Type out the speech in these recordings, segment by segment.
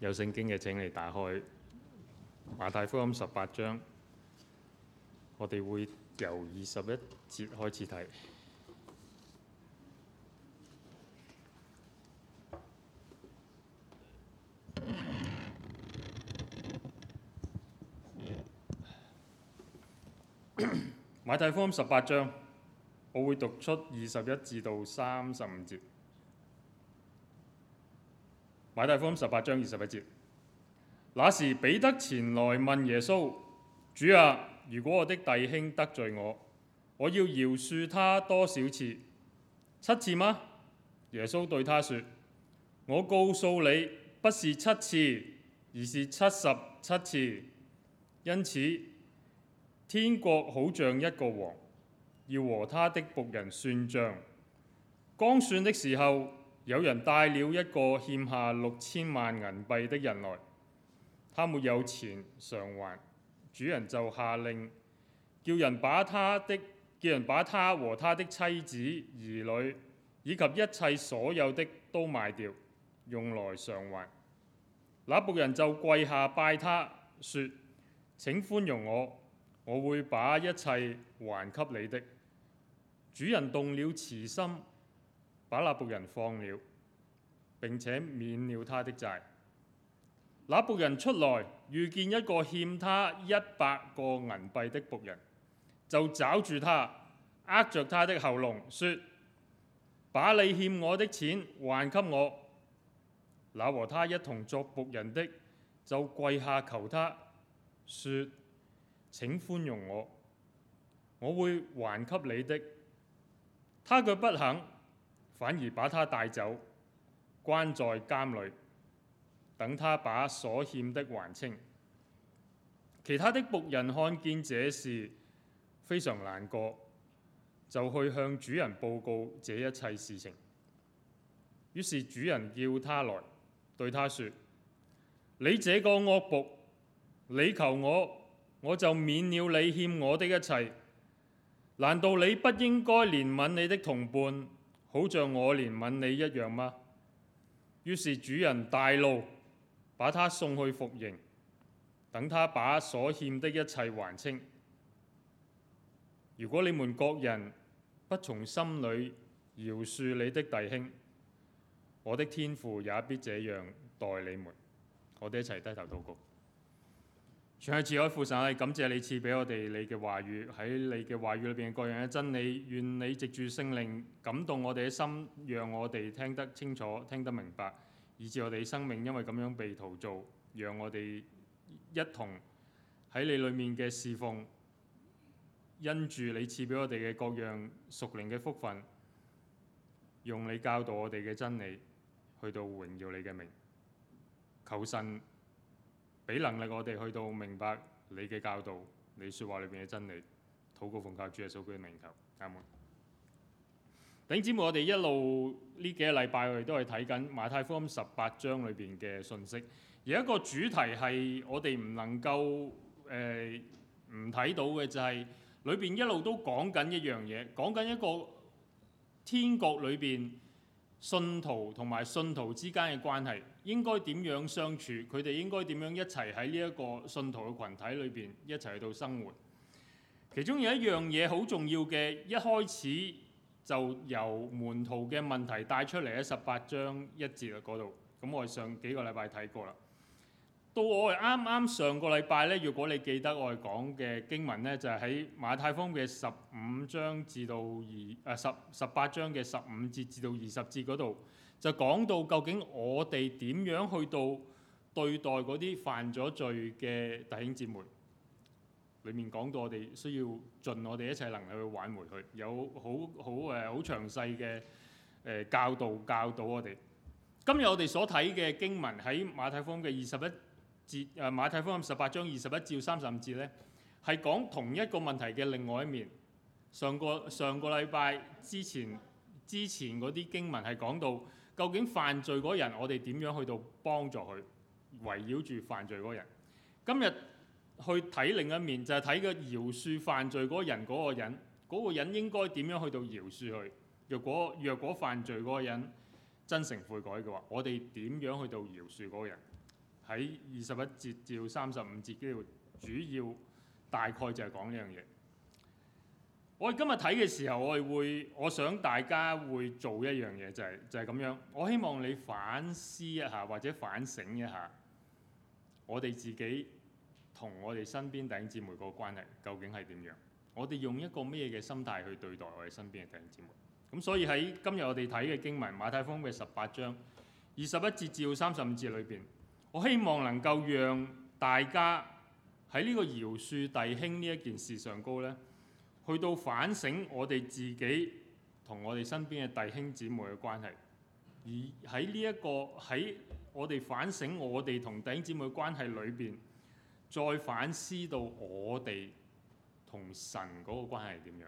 有聖經嘅請你打開馬太福音十八章，我哋會由二十一節開始睇馬太福音十八章，我會讀出二十一至到三十五節。馬太福音十八章二十一節，那時彼得前來問耶穌：主啊，如果我的弟兄得罪我，我要饒恕他多少次？七次嗎？耶穌對他說：我告訴你，不是七次，而是七十七次。因此，天國好像一個王，要和他的僕人算賬。剛算的時候，有人帶了一個欠下六千萬銀幣的人來，他沒有錢償還，主人就下令，叫人把他的叫人把他和他的妻子、兒女以及一切所有的都賣掉，用來償還。那僕人就跪下拜他，說：請寬容我，我會把一切還給你的。主人動了慈心。把那僕人放了，並且免了他的債。那僕人出來，遇見一個欠他一百個銀幣的僕人，就抓住他，握著他的喉嚨，說：把你欠我的錢還給我。那和他一同作僕人的就跪下求他，說：請寬容我，我會還給你的。他卻不肯。反而把他帶走，關在監裏，等他把所欠的還清。其他的僕人看見這事，非常難過，就去向主人報告這一切事情。於是主人叫他來，對他說：你這個惡僕，你求我，我就免了你欠我的一切。難道你不應該憐憫你的同伴？好像我憐憫你一樣嗎？於是主人大怒，把他送去服刑，等他把所欠的一切還清。如果你們各人不從心裏饒恕你的弟兄，我的天父也必這樣待你們。我哋一齊低頭禱告。全係慈愛父神，感謝你賜俾我哋你嘅話語，喺你嘅話語裏邊嘅各樣嘅真理。願你藉住聖靈感動我哋嘅心，讓我哋聽得清楚、聽得明白，以致我哋嘅生命因為咁樣被陶造，讓我哋一同喺你裡面嘅侍奉，因住你賜俾我哋嘅各樣屬靈嘅福分，用你教導我哋嘅真理，去到榮耀你嘅名。求神，俾能力我哋去到明白你嘅教導，你説話裏邊嘅真理，禱告奉靠主耶穌基督的名求，阿門。頂姊妹，我哋一路呢幾個禮拜，我哋都係睇緊馬太福音十八章裏邊嘅信息。而一個主題係我哋唔能夠誒唔睇到嘅，就係裏邊一路都講緊一樣嘢，講緊一個天國裏邊信徒同埋信徒之間嘅關係。應該點樣相處？佢哋應該點樣一齊喺呢一個信徒嘅群體裏邊一齊去到生活？其中有一樣嘢好重要嘅，一開始就由門徒嘅問題帶出嚟，喺十八章一節嗰度。咁我哋上幾個禮拜睇過啦。到我哋啱啱上個禮拜呢，如果你記得我哋講嘅經文呢，就係、是、喺馬太福音嘅十五章至到二、啊，誒十十八章嘅十五節至到二十節嗰度。就講到究竟我哋點樣去到對待嗰啲犯咗罪嘅弟兄姊妹？裡面講到我哋需要盡我哋一切能力去挽回佢，有好好誒好詳細嘅誒、呃、教導教導我哋。今日我哋所睇嘅經文喺馬太福音嘅二十一節，誒、啊、馬太福音十八章二十一至三十五節咧，係講同一個問題嘅另外一面。上個上個禮拜之前之前嗰啲經文係講到。究竟犯罪嗰人，我哋點樣去到幫助佢？圍繞住犯罪嗰人，今日去睇另一面，就係、是、睇個饒恕犯罪嗰人嗰個人，嗰、那個人應該點樣去到饒恕佢？若果若果犯罪嗰個人真誠悔改嘅話，我哋點樣去到饒恕嗰個人？喺二十一節至三十五節機會主要大概就係講呢樣嘢。我哋今日睇嘅時候，我哋會我想大家會做一樣嘢，就係就係咁樣。我希望你反思一下，或者反省一下，我哋自己同我哋身邊弟兄姊妹個關係究竟係點樣？我哋用一個咩嘅心態去對待我哋身邊嘅弟兄姊妹？咁所以喺今日我哋睇嘅經文馬太福音嘅十八章二十一節至到三十五節裏邊，我希望能夠讓大家喺呢個饒恕弟兄呢一件事上高呢。去到反省我哋自己同我哋身邊嘅弟兄姊妹嘅關係，而喺呢一個喺我哋反省我哋同弟兄姊妹嘅關係裏邊，再反思到我哋同神嗰個關係係點樣，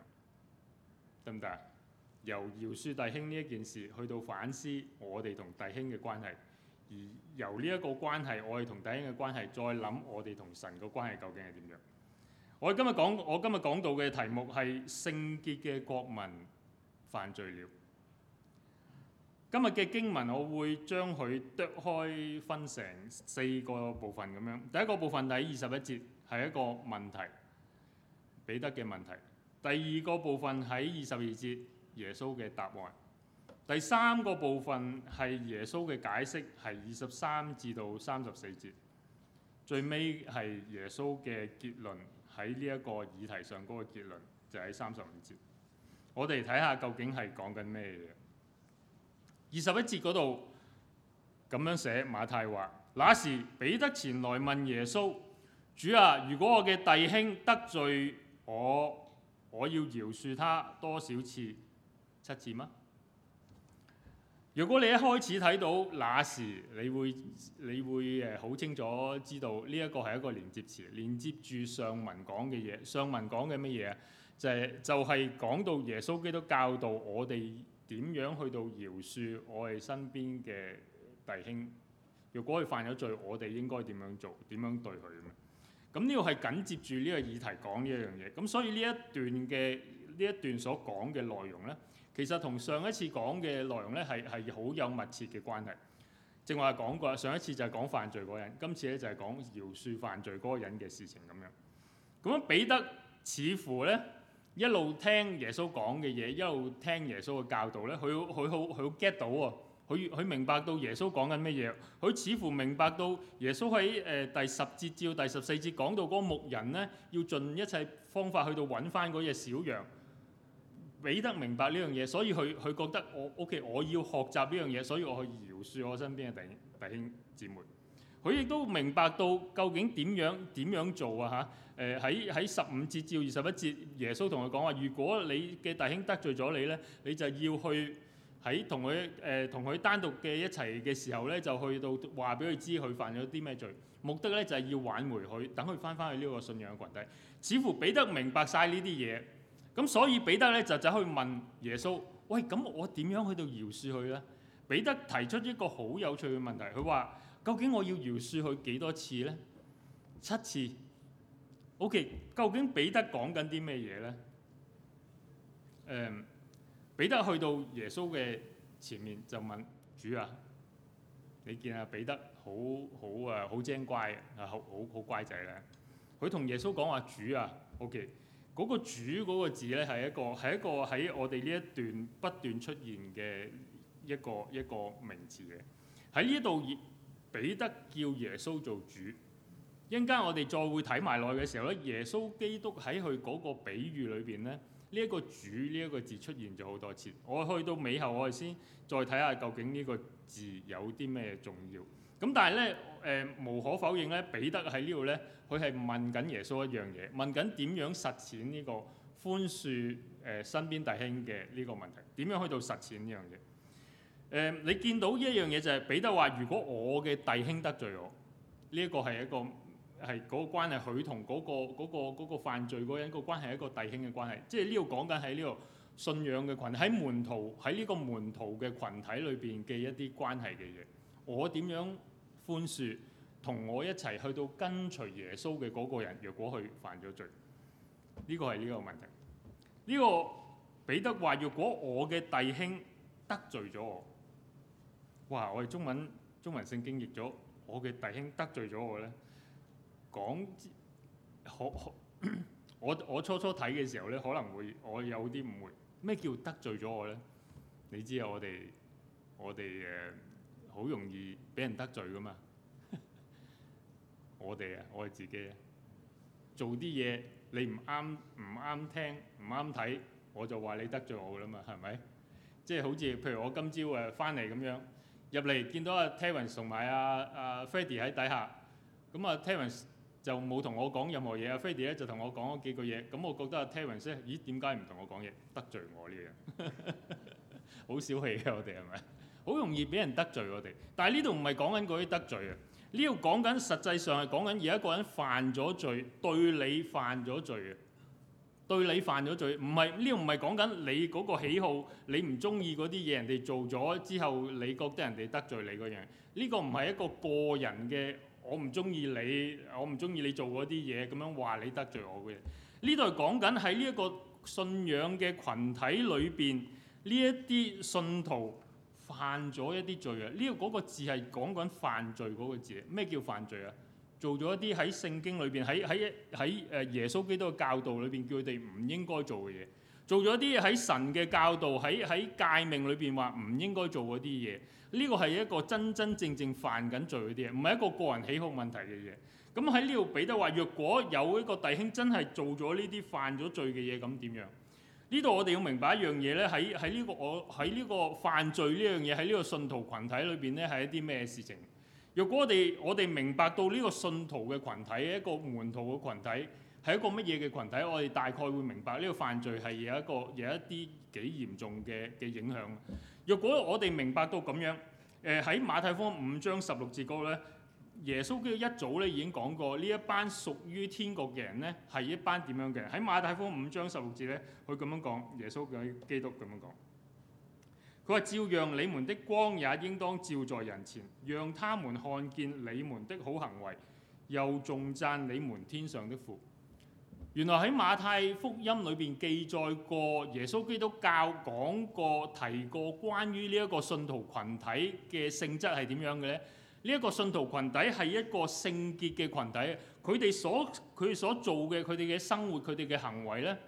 得唔得？由饒恕弟兄呢一件事去到反思我哋同弟兄嘅關係，而由呢一個關係我哋同弟兄嘅關係，再諗我哋同神個關係究竟係點樣？我今日講我今日講到嘅題目係聖潔嘅國民犯罪了。今日嘅經文，我會將佢拆開分成四個部分咁樣。第一個部分喺二十一節，係一個問題，彼得嘅問題。第二個部分喺二十二節，耶穌嘅答案。第三個部分係耶穌嘅解釋，係二十三至到三十四節。最尾係耶穌嘅結論。喺呢一個議題上嗰個結論就喺三十五節。我哋睇下究竟係講緊咩嘢？二十一節嗰度咁樣寫馬太話：「那時彼得前來問耶穌：主啊，如果我嘅弟兄得罪我，我要饒恕他多少次？七次嗎？如果你一開始睇到那時你，你會你會誒好清楚知道呢一個係一個連接詞，連接住上文講嘅嘢。上文講嘅乜嘢啊？就係、就係、係、講到耶穌基督教導我哋點樣去到饒恕我哋身邊嘅弟兄。如果佢犯咗罪，我哋應該點樣做？點樣對佢？咁呢個係緊接住呢個議題講呢一樣嘢。咁所以呢一段嘅呢一段所講嘅內容呢。其實同上一次講嘅內容咧，係係好有密切嘅關係。正話講過，上一次就係講犯罪嗰人，今次咧就係講饒恕犯罪嗰個人嘅事情咁樣。咁樣，咁彼得似乎咧一路聽耶穌講嘅嘢，一路聽耶穌嘅教導咧，佢佢好佢 get 到喎，佢佢明白到耶穌講緊乜嘢。佢似乎明白到耶穌喺誒第十節至到第十四節講到嗰個牧人咧，要盡一切方法去到揾翻嗰隻小羊。彼得明白呢樣嘢，所以佢佢覺得我 OK，我要學習呢樣嘢，所以我可以饒恕我身邊嘅弟兄弟兄姊妹。佢亦都明白到究竟點樣點樣做啊嚇？誒喺喺十五節至二十一節，耶穌同佢講話：如果你嘅弟兄得罪咗你咧，你就要去喺同佢誒同佢單獨嘅一齊嘅時候咧，就去到話俾佢知佢犯咗啲咩罪。目的咧就係、是、要挽回佢，等佢翻翻去呢個信仰嘅羣體。似乎彼得明白晒呢啲嘢。咁所以彼得咧就走去問耶穌：喂，咁我點樣去到饒恕佢咧？彼得提出一個好有趣嘅問題，佢話：究竟我要饒恕佢幾多次咧？七次。O.K.，究竟彼得講緊啲咩嘢咧？誒、嗯，彼得去到耶穌嘅前面就問主啊，你見啊彼得，好好啊好精乖啊好好好乖仔咧，佢同耶穌講話，主啊，O.K. 嗰、那個主嗰個字咧，係一個係一個喺我哋呢一段不斷出現嘅一個一個名詞嘅，喺呢度，以彼得叫耶穌做主。一陣間我哋再會睇埋落去嘅時候咧，耶穌基督喺佢嗰個比喻裏邊咧，呢、這、一個主呢一個字出現咗好多次。我去到尾後，我哋先再睇下究竟呢個字有啲咩重要。咁但係咧，誒、呃、無可否認咧，彼得喺呢度咧，佢係問緊耶穌一樣嘢，問緊點樣實踐呢個寬恕誒身邊弟兄嘅呢個問題，點樣去到實踐呢樣嘢？誒、呃，你見到一樣嘢就係彼得話：如果我嘅弟兄得罪我，呢、這個、一個係一個係嗰個關係，佢同嗰個嗰、那個那個那個、犯罪嗰人個關係係一個弟兄嘅關係。即係呢度講緊喺呢個信仰嘅群，喺門徒喺呢個門徒嘅群體裏邊嘅一啲關係嘅嘢，我點樣？寬恕同我一齊去到跟隨耶穌嘅嗰個人，若果佢犯咗罪，呢、這個係呢個問題。呢、這個彼得話：若果我嘅弟兄得罪咗我，哇！我哋中文中文聖經譯咗，我嘅弟兄得罪咗我咧，講好，可我我，我初初睇嘅時候咧，可能會我有啲誤會。咩叫得罪咗我咧？你知啊，我哋我哋誒。呃好容易俾人得罪噶嘛？ 我哋啊，我係自己啊。做啲嘢，你唔啱唔啱聽唔啱睇，我就話你得罪我啦嘛，係咪？即係好似譬如我今朝誒翻嚟咁樣入嚟，見到阿 Terence 同埋阿阿 Freddy 喺底下，咁啊 Terence 就冇同我講任何嘢，阿 Freddy 咧就同我講咗幾句嘢，咁我覺得阿 Terence 咧，咦點解唔同我講嘢？得罪我呢樣，好 小氣嘅我哋係咪？好容易俾人得罪我哋，但係呢度唔係講緊嗰啲得罪啊。呢度講緊實際上係講緊而一個人犯咗罪，對你犯咗罪啊，對你犯咗罪。唔係，呢度唔係講緊你嗰個喜好，你唔中意嗰啲嘢，人哋做咗之後，你覺得人哋得罪你嗰樣。呢個唔係一個個人嘅我唔中意你，我唔中意你做嗰啲嘢咁樣話你得罪我嘅。呢度係講緊喺呢一個信仰嘅群體裏邊呢一啲信徒，犯咗一啲罪啊。呢個嗰個字係講緊犯罪嗰個字。咩叫犯罪啊？做咗一啲喺聖經裏邊，喺喺喺耶穌基督嘅教導裏邊叫佢哋唔應該做嘅嘢，做咗啲喺神嘅教導，喺喺誡命裏邊話唔應該做嗰啲嘢。呢個係一個真真正正犯緊罪嗰啲嘢，唔係一個個人喜好問題嘅嘢。咁喺呢度彼得話，若果有一個弟兄真係做咗呢啲犯咗罪嘅嘢，咁點樣？呢度我哋要明白一樣嘢咧，喺喺呢個我喺呢個犯罪呢樣嘢喺呢個信徒群體裏邊咧係一啲咩事情？若果我哋我哋明白到呢個信徒嘅群體一個門徒嘅群體係一個乜嘢嘅群體，我哋大概會明白呢個犯罪係有一個有一啲幾嚴重嘅嘅影響。若果我哋明白到咁樣，誒喺馬太福音五章十六節嗰咧。耶穌基督一早咧已經講過，呢一班屬於天國嘅人呢係一班點樣嘅人？喺馬太福音五章十六節呢，佢咁樣講耶穌嘅基督咁樣講。佢話：照讓你們的光也應當照在人前，讓他們看見你們的好行為，又重讚你們天上的父。原來喺馬太福音裏邊記載過，耶穌基督教講過、提過關於呢一個信徒群體嘅性質係點樣嘅呢？呢一個信徒群體係一個聖潔嘅群體，佢哋所佢所做嘅，佢哋嘅生活，佢哋嘅行為呢，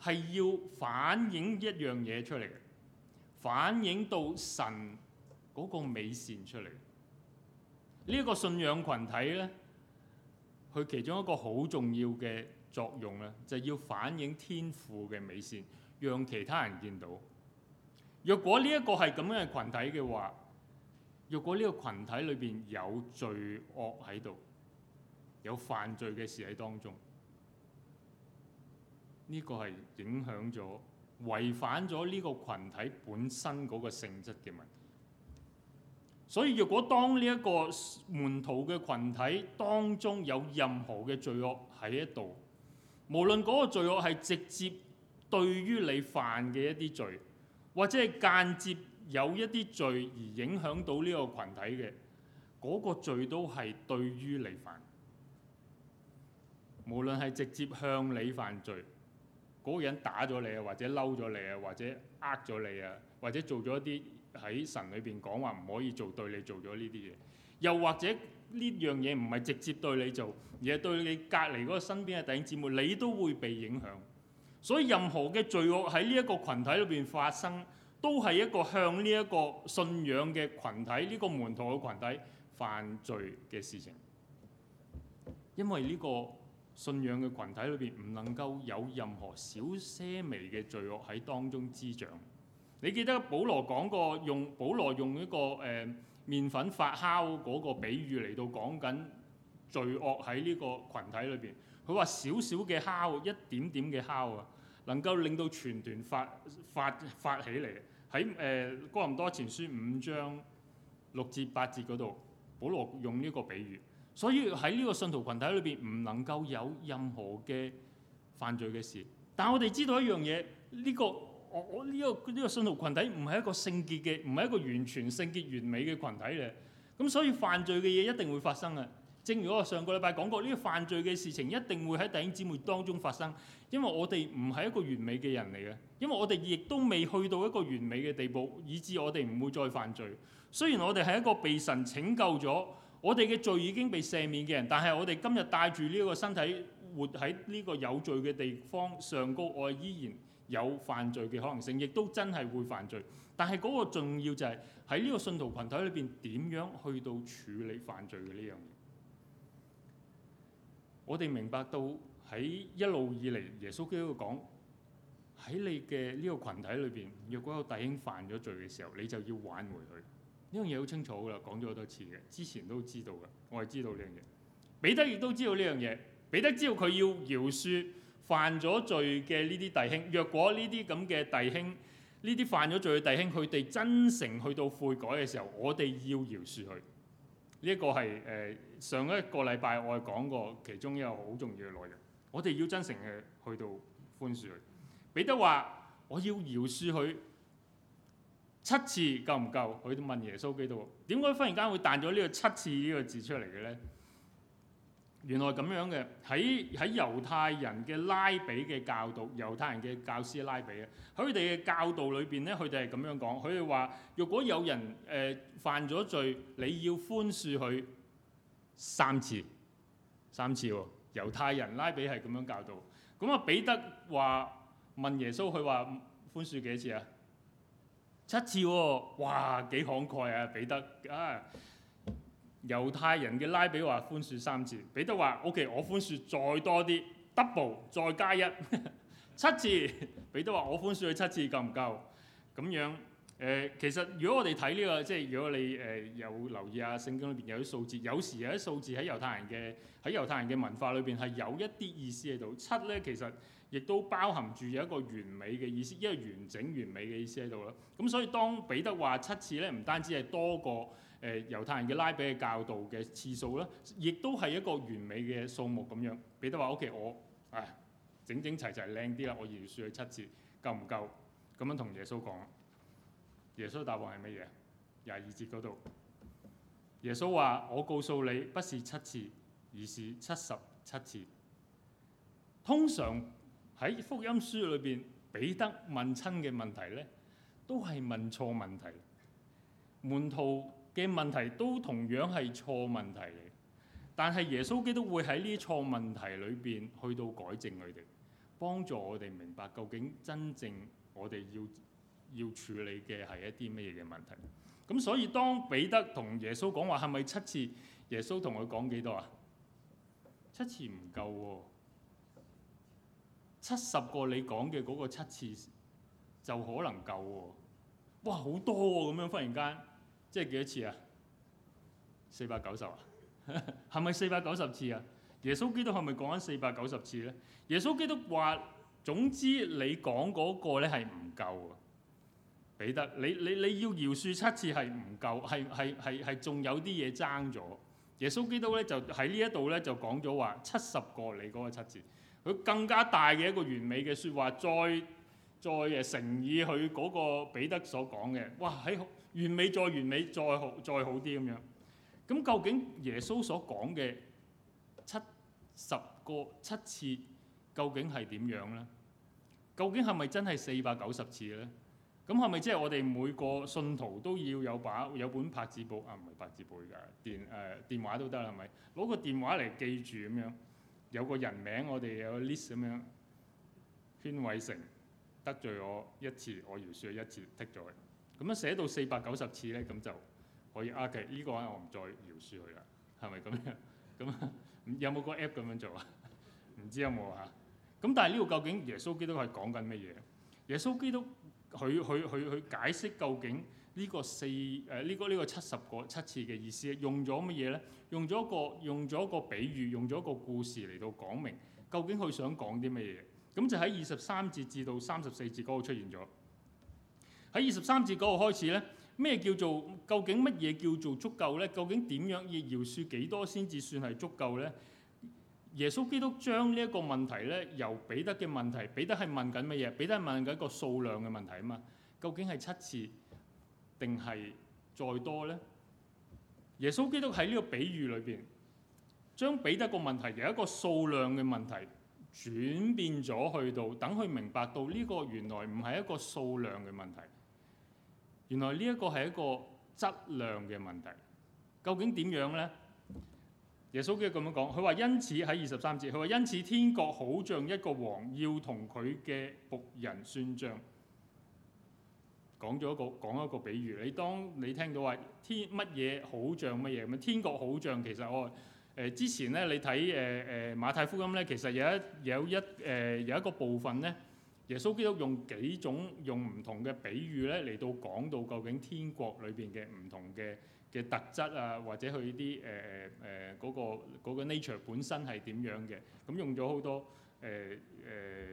係要反映一樣嘢出嚟，反映到神嗰個美善出嚟。呢一個信仰群體呢，佢其中一個好重要嘅作用呢，就係要反映天父嘅美善，讓其他人見到。若果呢一個係咁樣嘅群體嘅話，如果呢個群體裏邊有罪惡喺度，有犯罪嘅事喺當中，呢、這個係影響咗、違反咗呢個群體本身嗰個性質嘅問題。所以如果當呢一個門徒嘅群體當中有任何嘅罪惡喺一度，無論嗰個罪惡係直接對於你犯嘅一啲罪，或者係間接。有一啲罪而影響到呢個羣體嘅，嗰個罪都係對於你犯。無論係直接向你犯罪，嗰個人打咗你啊，或者嬲咗你啊，或者呃咗你啊，或者做咗一啲喺神裏邊講話唔可以做，對你做咗呢啲嘢，又或者呢樣嘢唔係直接對你做，而係對你隔離嗰個身邊嘅弟兄姊妹，你都會被影響。所以任何嘅罪惡喺呢一個羣體裏邊發生，都係一個向呢一個信仰嘅群體，呢個門徒嘅群體犯罪嘅事情。因為呢個信仰嘅群體裏邊唔能夠有任何少些微嘅罪惡喺當中滋長。你記得保羅講過，用保羅用一個誒、呃、麵粉發酵嗰個比喻嚟到講緊罪惡喺呢個群體裏邊。佢話少少嘅酵，一點點嘅酵啊，能夠令到全團發發發起嚟。喺誒、呃、哥林多前書五章六至八節嗰度，保羅用呢個比喻。所以喺呢個信徒群體裏邊，唔能夠有任何嘅犯罪嘅事。但係我哋知道一樣嘢，呢個我我呢個呢個信徒群體唔係一個聖潔嘅，唔係一個完全聖潔完美嘅群體嚟。咁所以犯罪嘅嘢一定會發生嘅！正如我上個禮拜講過，呢啲犯罪嘅事情一定會喺弟兄姊妹當中發生，因為我哋唔係一個完美嘅人嚟嘅，因為我哋亦都未去到一個完美嘅地步，以致我哋唔會再犯罪。雖然我哋係一個被神拯救咗，我哋嘅罪已經被赦免嘅人，但係我哋今日帶住呢個身體活喺呢個有罪嘅地方上高，我依然有犯罪嘅可能性，亦都真係會犯罪。但係嗰個重要就係喺呢個信徒群體裏邊點樣去到處理犯罪嘅呢樣我哋明白到喺一路以嚟耶穌基督講喺你嘅呢個群體裏邊，若果有弟兄犯咗罪嘅時候，你就要挽回佢。呢樣嘢好清楚噶啦，講咗好多次嘅，之前都知道噶，我係知道呢樣嘢。彼得亦都知道呢樣嘢，彼得知道佢要饒恕犯咗罪嘅呢啲弟兄。若果呢啲咁嘅弟兄，呢啲犯咗罪嘅弟兄，佢哋真誠去到悔改嘅時候，我哋要饒恕佢。呢、這、一個係上一個禮拜我係講過其中一個好重要嘅內容，我哋要真誠嘅去到寬恕佢。彼得話：我要饒恕佢七次夠唔夠？佢就問耶穌基多？點解忽然間會彈咗呢個七次呢個字出嚟嘅咧？原來咁樣嘅，喺喺猶太人嘅拉比嘅教導，猶太人嘅教師拉比啊，佢哋嘅教導裏邊咧，佢哋係咁樣講，佢哋話：如果有人誒、呃、犯咗罪，你要寬恕佢三次，三次喎、哦。猶太人拉比係咁樣教導。咁啊，彼得話問耶穌：佢話寬恕幾多次啊？七次喎、哦，哇，幾慷慨啊，彼得啊！猶太人嘅拉比話寬恕三次，彼得話：O.K. 我寬恕再多啲，double 再加一七次。彼得話：我寬恕佢七次夠唔夠？咁樣誒、呃，其實如果我哋睇呢個，即係如果你誒有、呃、留意下、啊、聖經裏邊有啲數字，有時有啲數字喺猶太人嘅喺猶太人嘅文化裏邊係有一啲意思喺度。七咧其實亦都包含住有一個完美嘅意思，一個完整完美嘅意思喺度咯。咁所以當彼得話七次咧，唔單止係多過。誒、呃、猶太人嘅拉比嘅教導嘅次數啦，亦都係一個完美嘅數目咁樣。彼得話：OK，我啊整整齊齊靚啲啦，我預算係七次夠唔夠？咁樣同耶穌講。耶穌答案係乜嘢？廿二節嗰度，耶穌話：我告訴你，不是七次，而是七十七次。通常喺福音書裏邊，彼得問親嘅問題咧，都係問錯問題，門徒。嘅問題都同樣係錯問題嚟，但係耶穌基督會喺呢啲錯問題裏邊去到改正佢哋，幫助我哋明白究竟真正我哋要要處理嘅係一啲乜嘢嘅問題。咁所以當彼得同耶穌講話係咪七次？耶穌同佢講幾多啊？七次唔夠喎、啊，七十個你講嘅嗰個七次就可能夠喎、啊。哇，好多喎、啊！咁樣忽然間。即係幾多次啊？四百九十啊？係咪四百九十次啊？耶穌基督係咪講緊四百九十次咧？耶穌基督話：總之你講嗰個咧係唔夠啊，彼得！你你你要饒恕七次係唔夠，係係係係仲有啲嘢爭咗。耶穌基督咧就喺呢一度咧就講咗話七十個你嗰個七次，佢更加大嘅一個完美嘅説話，再再誒承認佢嗰個彼得所講嘅。哇！喺完美再完美，再好再好啲咁樣。咁究竟耶穌所講嘅七十個七次究竟是怎樣，究竟係點樣咧？究竟係咪真係四百九十次咧？咁係咪即係我哋每個信徒都要有把有本拍紙簿啊？唔係拍紙簿㗎，電誒、呃、電話都得啦，係咪？攞個電話嚟記住咁樣，有個人名我哋有個 list 咁樣。禤偉成得罪我一次，我饒恕一次，剔咗佢。咁樣寫到四百九十次咧，咁就可以厄計呢個話，我唔再描述佢啦，係咪咁樣？咁有冇個 app 咁樣做啊？唔知有冇嚇？咁但係呢個究竟耶穌基督係講緊乜嘢？耶穌基督佢佢佢佢解釋究竟呢個四誒呢、呢個呢、呢個七十個七次嘅意思，用咗乜嘢咧？用咗個用咗個比喻，用咗個故事嚟到講明究竟佢想講啲乜嘢？咁就喺二十三節至到三十四節嗰度出現咗。喺二十三節嗰度開始咧，咩叫做究竟乜嘢叫做足夠咧？究竟點樣要饒恕幾多先至算係足夠咧？耶穌基督將呢一個問題咧，由彼得嘅問題，彼得係問緊乜嘢？彼得係問緊一個數量嘅問題啊嘛。究竟係七次定係再多咧？耶穌基督喺呢個比喻裏邊，將彼得個問題由一個數量嘅問題，轉變咗去到等佢明白到呢個原來唔係一個數量嘅問題。原來呢一個係一個質量嘅問題，究竟點樣呢？耶穌基督咁樣講，佢話因此喺二十三節，佢話因此天國好像一個王要同佢嘅僕人算賬，講咗一個講一個比喻。你當你聽到話天乜嘢好像乜嘢咁，天國好像，其實我誒、哦呃、之前咧，你睇誒誒馬太福音咧，其實有一有一誒、呃、有一個部分咧。耶穌基督用幾種用唔同嘅比喻咧嚟到講到究竟天國裏邊嘅唔同嘅嘅特質啊，或者佢啲誒誒嗰個嗰個 nature 本身係點樣嘅？咁用咗好多誒誒、呃呃、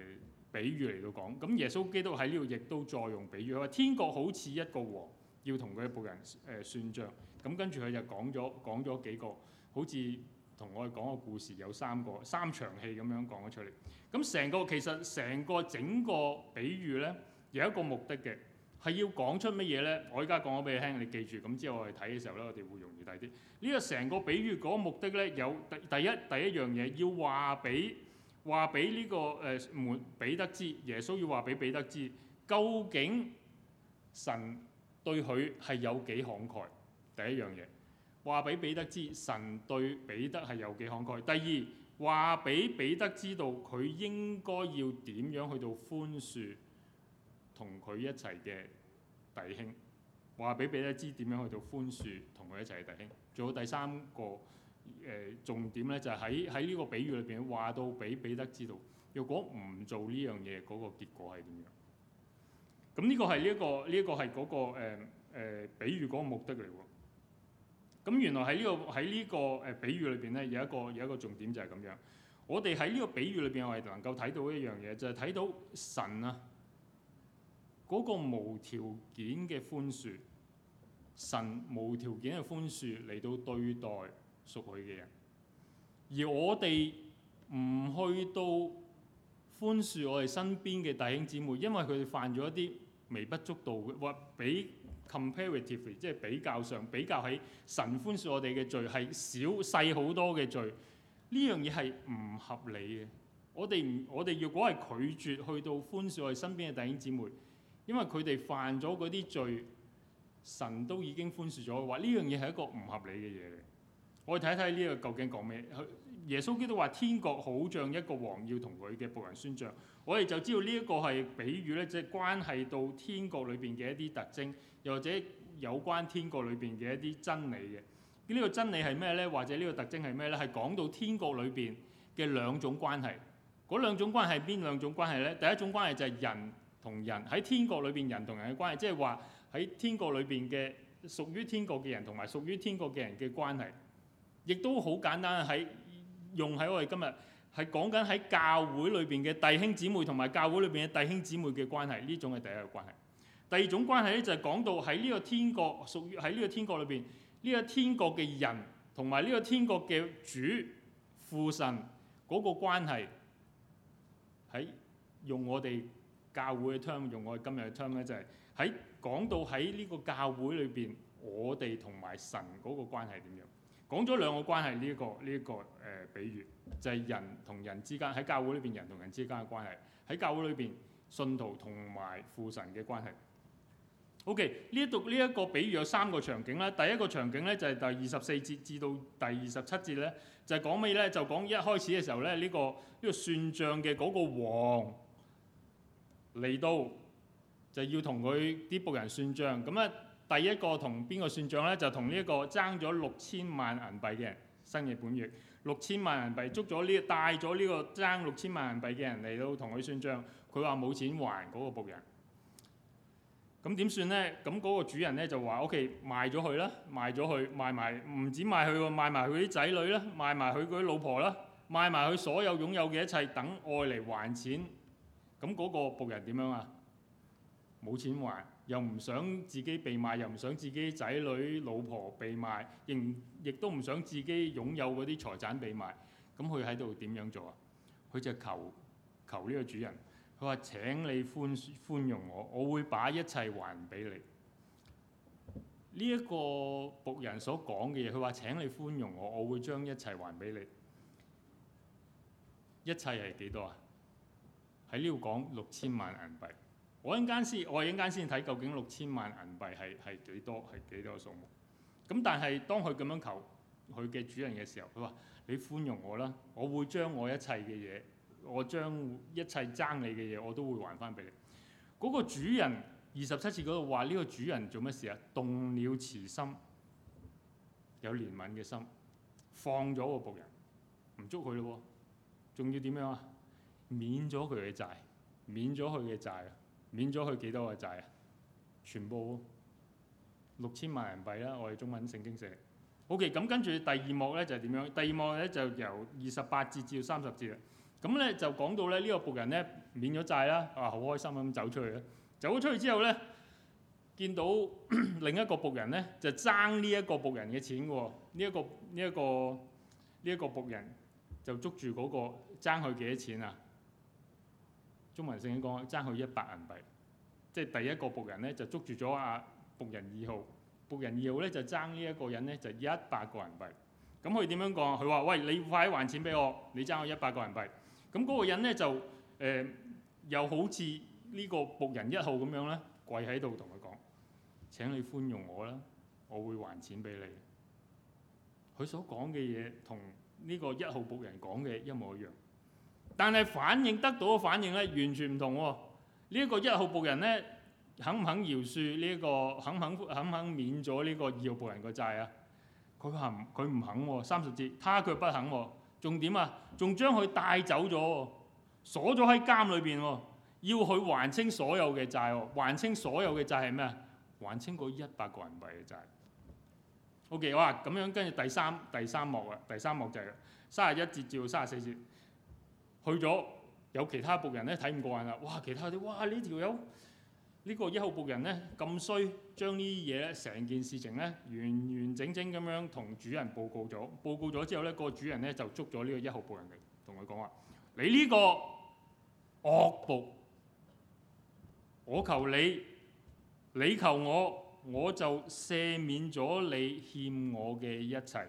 比喻嚟到講。咁耶穌基督喺呢度亦都再用比喻，話天國好似一個王要同佢一部人誒算賬。咁跟住佢就講咗講咗幾個好似。同我哋講個故事，有三個三場戲咁樣講咗出嚟，咁成個其實成個整個比喻呢，有一個目的嘅，係要講出乜嘢呢？我而家講咗俾你聽，你記住，咁之後我哋睇嘅時候呢，我哋會容易睇啲。呢個成個比喻嗰個目的呢，有第一第一第一樣嘢，要話俾話俾呢個誒門彼得知，耶穌要話俾彼得知，究竟神對佢係有幾慷慨？第一樣嘢。話俾彼得知，神對彼得係有幾慷慨。第二，話俾彼得知道佢應該要點樣去到寬恕同佢一齊嘅弟兄。話俾彼得知點樣去到寬恕同佢一齊嘅弟兄。仲有第三個誒、呃、重點咧，就係喺喺呢個比喻裏邊話到俾彼得知道，若果唔做呢樣嘢，嗰、嗰個結果係點樣？咁呢個係呢一個呢一、呢個係嗰、嗰個誒、呃呃、比喻嗰個目的嚟喎。咁原來喺呢、這個喺呢個誒比喻裏邊咧，有一個有一個重點就係咁樣。我哋喺呢個比喻裏邊，我哋能夠睇到一樣嘢，就係、是、睇到神啊嗰、那個無條件嘅寬恕，神無條件嘅寬恕嚟到對待屬佢嘅人。而我哋唔去到寬恕我哋身邊嘅弟兄姊妹，因為佢哋犯咗一啲微不足道嘅或俾。comparatively，即係比較上，比較喺神寬恕我哋嘅罪係少細好多嘅罪，呢樣嘢係唔合理嘅。我哋唔，我哋如果係拒絕去到寬恕我哋身邊嘅弟兄姊妹，因為佢哋犯咗嗰啲罪，神都已經寬恕咗嘅話，呢樣嘢係一個唔合理嘅嘢。嚟。我哋睇一睇呢個究竟講咩？耶穌基督話天國好像一個王要同佢嘅僕人算賬。」我哋就知道呢一個係比喻咧，即係關係到天國裏邊嘅一啲特徵。或者有關天國裏邊嘅一啲真理嘅，呢個真理係咩呢？或者呢個特徵係咩呢？係講到天國裏邊嘅兩種關係，嗰兩種關係，邊兩種關係呢？第一種關係就係人同人喺天國裏邊人同人嘅關係，即係話喺天國裏邊嘅屬於天國嘅人同埋屬於天國嘅人嘅關係，亦都好簡單係用喺我哋今日係講緊喺教會裏邊嘅弟兄姊妹同埋教會裏邊嘅弟兄姊妹嘅關係，呢種係第一個關係。第二種關係咧就係講到喺呢個天國，屬於喺呢個天國裏邊，呢個天國嘅人同埋呢個天國嘅主父神嗰個關係，喺用我哋教會嘅 term，用我哋今日嘅 term 咧，就係喺講到喺呢個教會裏邊，我哋同埋神嗰個關係點樣？講咗兩個關係，呢一個呢一個誒比喻就係人同人之間喺教會裏邊人同人之間嘅關係，喺教會裏邊信徒同埋父神嘅關係。O.K. 呢一度呢一個比喻有三個場景啦。第一個場景咧就係第二十四節至到第二十七節咧，就講咩咧？就講一開始嘅時候咧，呢、這個呢、這個算帳嘅嗰個王嚟到，就要同佢啲僕人算帳。咁啊，第一個同邊個算帳咧？就同呢一個爭咗六千萬銀幣嘅人。新月本月六千萬銀幣，捉咗呢個帶咗呢個爭六千萬銀幣嘅人嚟到同佢算帳。佢話冇錢還嗰、那個僕人。咁點算呢？咁嗰個主人呢就話：O.K. 賣咗佢啦，賣咗佢，賣埋唔止賣佢喎，賣埋佢啲仔女啦，賣埋佢嗰啲老婆啦，賣埋佢所有擁有嘅一切，等愛嚟還錢。咁嗰個僕人點樣啊？冇錢還，又唔想自己被賣，又唔想自己仔女老婆被賣，亦亦都唔想自己擁有嗰啲財產被賣。咁佢喺度點樣做啊？佢就求求呢個主人。佢話請你寬寬容我，我會把一切還俾你。呢、這、一個僕人所講嘅嘢，佢話請你寬容我，我會將一切還俾你。一切係幾多啊？喺呢度講六千萬銀幣。我一陣間先，我一陣間先睇究竟六千萬銀幣係係幾多，係幾多數目。咁但係當佢咁樣求佢嘅主人嘅時候，佢話你寬容我啦，我會將我一切嘅嘢。我將一切爭你嘅嘢，我都會還翻俾你。嗰、那個主人二十七次嗰度話：呢、這個主人做乜事啊？動了慈心，有憐憫嘅心，放咗個僕人，唔捉佢咯。仲要點樣啊？免咗佢嘅債，免咗佢嘅債，免咗佢幾多個債啊？全部六千萬人幣啦。我哋中文聖經寫 OK，咁，跟住第二幕咧就點、是、樣？第二幕咧就由二十八節至三十節啦。咁咧就講到咧呢個僕人咧免咗債啦，啊好開心咁走出去啦。走咗出去之後咧，見到另一個僕人咧就爭呢一個僕人嘅錢喎。呢一個呢一個呢一個僕人就捉住嗰個爭佢幾多錢啊？中文性已經講啦，爭佢一百銀幣。即係第一個僕人咧就捉住咗阿僕人二號，僕人二號咧就爭呢一個人咧就一百個銀幣。咁佢點樣講啊？佢話：喂，你快啲還錢俾我，你爭佢一百個銀幣。咁、那、嗰個人咧就誒、呃、又好似呢個僕人一號咁樣咧跪喺度同佢講：請你寬容我啦，我會還錢俾你。佢所講嘅嘢同呢個一號僕人講嘅一模一樣，但係反應得到嘅反應咧完全唔同喎、哦。呢、這、一個一號僕人咧肯唔肯饒恕呢、這、一個肯唔肯肯唔肯免咗呢個二號僕人嘅債啊？佢話唔佢唔肯喎、哦，三十節他卻不肯喎、哦。仲點啊？仲將佢帶走咗，鎖咗喺監裏邊喎，要佢還清所有嘅債喎，還清所有嘅債係咩啊？還清嗰一百個人幣嘅債。OK，哇，咁樣跟住第三第三幕啊，第三幕就係三十一節至到三十四節，去咗有其他僕人咧睇唔慣啦，哇！其他啲哇，呢條友。呢個一號僕人呢，咁衰，將呢啲嘢呢，成件事情呢，完完整整咁樣同主人報告咗。報告咗之後呢，個主人呢，就捉咗呢個一號僕人嚟，同佢講話：你呢個惡僕，我求你，你求我，我就赦免咗你欠我嘅一切。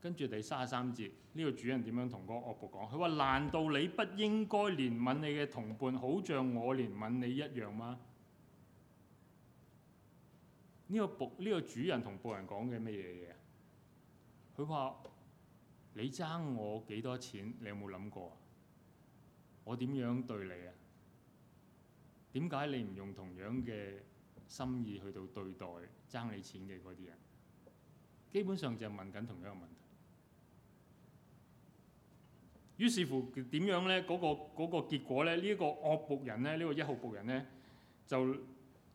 跟住第三十三節。呢、這個主人點樣同個惡僕講？佢話：難道你不應該憐憫你嘅同伴，好像我憐憫你一樣嗎？呢、這個僕，呢、這個主人同僕人講嘅乜嘢嘢？佢話：你爭我幾多錢？你有冇諗過？我點樣對你啊？點解你唔用同樣嘅心意去到對待爭你錢嘅嗰啲人？基本上就係問緊同一個問題。於是乎點樣呢？嗰個嗰個結果呢，呢一個惡僕人呢，呢個一號僕人呢，就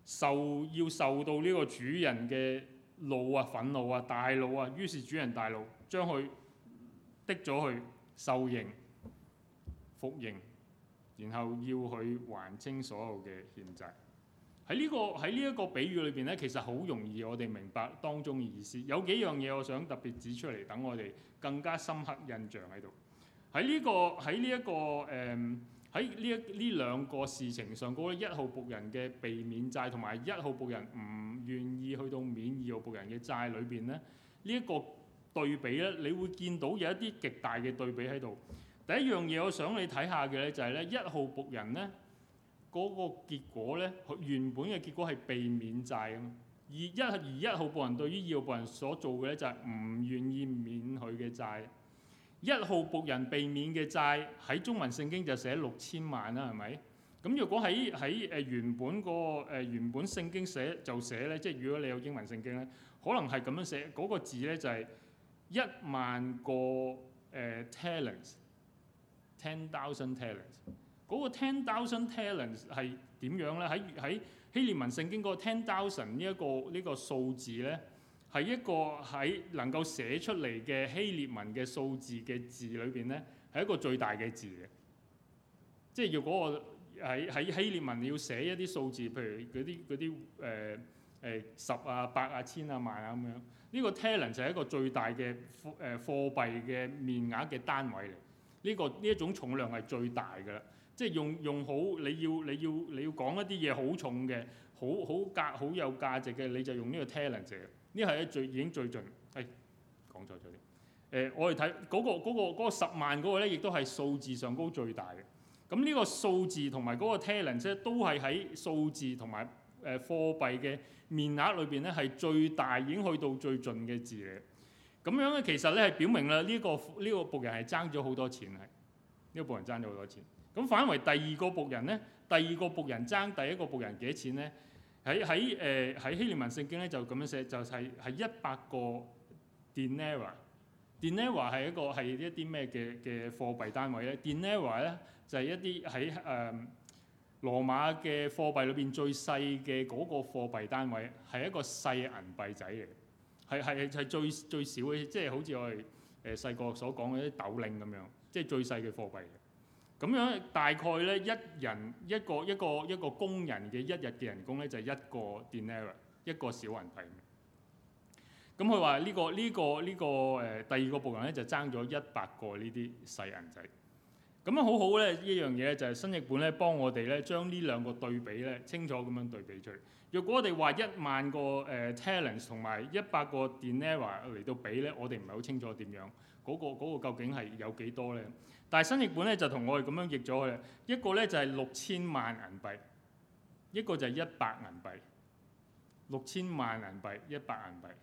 受要受到呢個主人嘅怒啊、憤怒啊、大怒啊。於是主人大怒，將佢滴咗去受刑、服刑，然後要去還清所有嘅欠債。喺呢個喺呢一個比喻裏邊呢，其實好容易我哋明白當中嘅意思。有幾樣嘢我想特別指出嚟，等我哋更加深刻印象喺度。喺呢、這個喺呢一個誒喺呢呢兩個事情上，嗰個一號僕人嘅避免債同埋一號僕人唔願意去到免二號僕人嘅債裏邊咧，呢、這、一個對比咧，你會見到有一啲極大嘅對比喺度。第一樣嘢我想你睇下嘅咧、就是，就係咧一號僕人咧嗰個結果咧，原本嘅結果係避免債，而一而一號僕人對於二號僕人所做嘅咧就係唔願意免佢嘅債。一號僕人避免嘅債喺中文聖經就寫六千萬啦，係咪？咁若果喺喺誒原本、那個誒、呃、原本聖經寫就寫咧，即係如果你有英文聖經咧，可能係咁樣寫嗰、那個字咧就係、是、一萬個誒 talents，ten thousand talents, 10, talents, 10, talents。嗰個 ten thousand talents 係點樣咧？喺喺希臘文聖經嗰個 ten thousand 呢一個呢、這個數字咧？係一個喺能夠寫出嚟嘅希臘文嘅數字嘅字裏邊咧，係一個最大嘅字嘅。即係若果我喺喺希臘文要寫一啲數字，譬如嗰啲啲誒誒十啊、百啊、千啊、萬啊咁樣，呢個 talent 就係一個最大嘅誒貨幣嘅面額嘅單位嚟。呢個呢一種重量係最大㗎啦。即係用用好你要你要你要講一啲嘢好重嘅好好價好有價值嘅，你就用呢個 talent 啫。呢係咧最已經最盡，係講錯咗啲。誒、呃，我哋睇嗰個嗰，那個那個那個、十萬嗰個咧，亦都係數字上高最大嘅。咁呢個數字同埋嗰個 talent 咧，都係喺數字同埋誒貨幣嘅面額裏邊咧，係最大已經去到最盡嘅字嚟。咁樣咧，其實咧係表明啦，呢，這個呢，這個僕人係爭咗好多錢係，呢個僕人爭咗好多錢。咁，這個，反為第二個僕人咧，第二個僕人爭第一個僕人幾多錢咧？喺喺誒喺希臘文聖經咧就咁樣寫，就係一百個 denar，denar 係一個係一啲咩嘅嘅貨幣單位咧，denar 咧就係一啲喺誒羅馬嘅貨幣裏邊最細嘅嗰個貨幣單位，係一個細銀幣仔嚟，係最最少嘅，即係好似我哋誒細個所講嗰啲豆鈴咁樣，即係最細嘅貨幣。咁樣大概咧，一人一個一個一個,一個工人嘅一日嘅人工咧，就係、是、一個 dinar，一個小銀幣。咁佢話呢個呢、這個呢、這個誒、呃、第二個部分咧，就爭咗一百個呢啲細銀仔。咁樣好好咧，一樣嘢就係新譯本咧幫我哋咧將呢兩個對比咧清楚咁樣對比出嚟。若果我哋話一萬個誒、呃、talents 同埋一百個 dinar 嚟到比咧，我哋唔係好清楚點樣嗰、那個那個究竟係有幾多咧？但係新譯本咧就同我哋咁樣譯咗去，一個咧就係六千萬銀幣，一個就係一百銀幣。六千萬銀幣，一百銀幣，